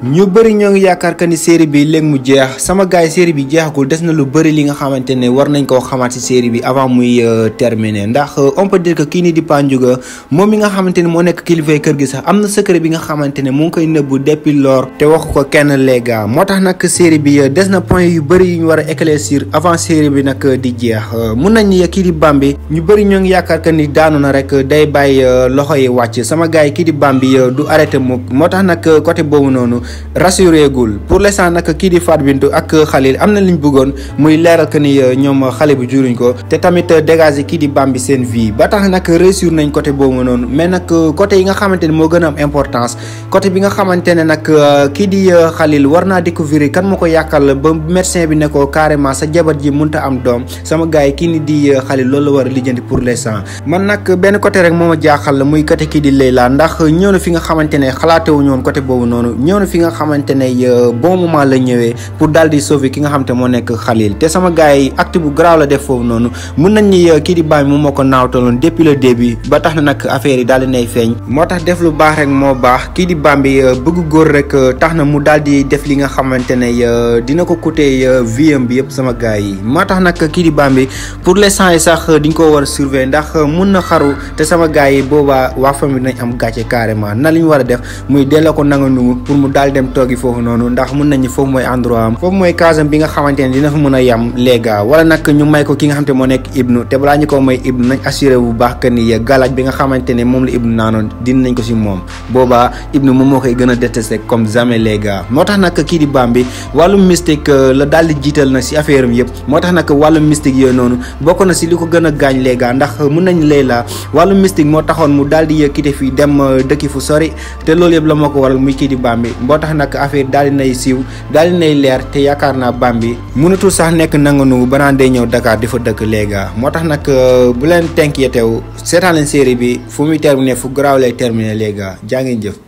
ñu bëri ñoo ngi yaakaar que ni série bi léegi mu jeex sama gars yi bi jeexagul des na lu bëri li nga xamante ne war nañ koo xamaat si série bi avant muy euh, terminer ndax euh, on kii nii di Pandiouga moom mi nga xamante ne moo nekk kilifay kër gi sax am na secret bi nga xamante ne mu ngi koy nëbbu depuis lors te waxu ko kenn les moo tax nag série bi euh, des na point yu bëri yu ñu war a éclaircir avant série bi nag di jeex mun nañ ni kii di bi ñu bëri ñoo ngi yaakaar que ni daanu na rek day bàyyi loxo yi wàcc sama gars yi kii di bi du arrêté mu moo tax nag côté boobu noonu rassuré gul pour l'instant nak ki di Fat Bintou ak Khalil amna liñ bëggoon muy léral que ni euh, ñom xalé bu juruñ ko té tamit euh, dégager ki di Bambi sen vie ba tax nak réussir nañ côté mo non mais nak euh, côté yi nga xamante mo gëna am importance côté bi nga xamante nak ki di Khalil warna découvrir kan ma yakal ba médecin bi ne ko carrément sa jabar ji munta am dom sama gaay ki ni di Khalil loolu war a lijjanti pour l'instant man nak ben côté rek moma jaxal muy côté ki di Leila ndax ñëw na fi nga xamante xalaté wu woon côté ñëw na fi fi nga xamante ne euh, bon moment la ñëwee pour daal di sauver ki nga xamante moo nekk Khalil te sama gaa yi acte bu garaaw la def foofu noonu mun nañ ni euh, kii di Bami moom moo ko naawtaloon depuis le début ba tax na nag daal di nay feeñ moo tax def lu baax rek moo baax kii di Bambi euh, bëgg góor rek tax na mu daal di def li nga xamante ne dina ko coûter vie am bi yëpp sama gars yi moo tax nag kii di Bambi pour l'instant yi sax diñ ko war a ndax mun na xaru te sama gaa yi boobaa waa famille nañ am gàcce carrément na li ñu war a def muy delloo ko daal dem toogi foofu noonu ndax mun nañu foofu mooy endroit am foofu mooy kaasam bi nga xamante ne dina fa mën a yem léega wala nag ñu may ko ki nga xamante moo nekk ibnu te balaa ñu ko may ibnu nañ assuré bu baax que ni galaaj bi nga xamante ne moom la ibnu naanoon din nañ ko si moom boobaa ibnu moom moo koy gën a détesté comme jamais léega moo tax nag kii di baam bi wàllum mystique euh, la daal di jiital nag si affaire am yëpp moo tax nag wàllum mystique yooyu a moo tax nag affaire daal nay siiw daal nay leer te yaakaar naa bi mënatul sax nekk nanga nanganu ba naan day ñëw dakaar di fa dëkk léegi moo tax nag euh, bu leen tenk yetew seetaan leen bi fu muy terminer fu garaaw lay terminer léegi jaa jëf.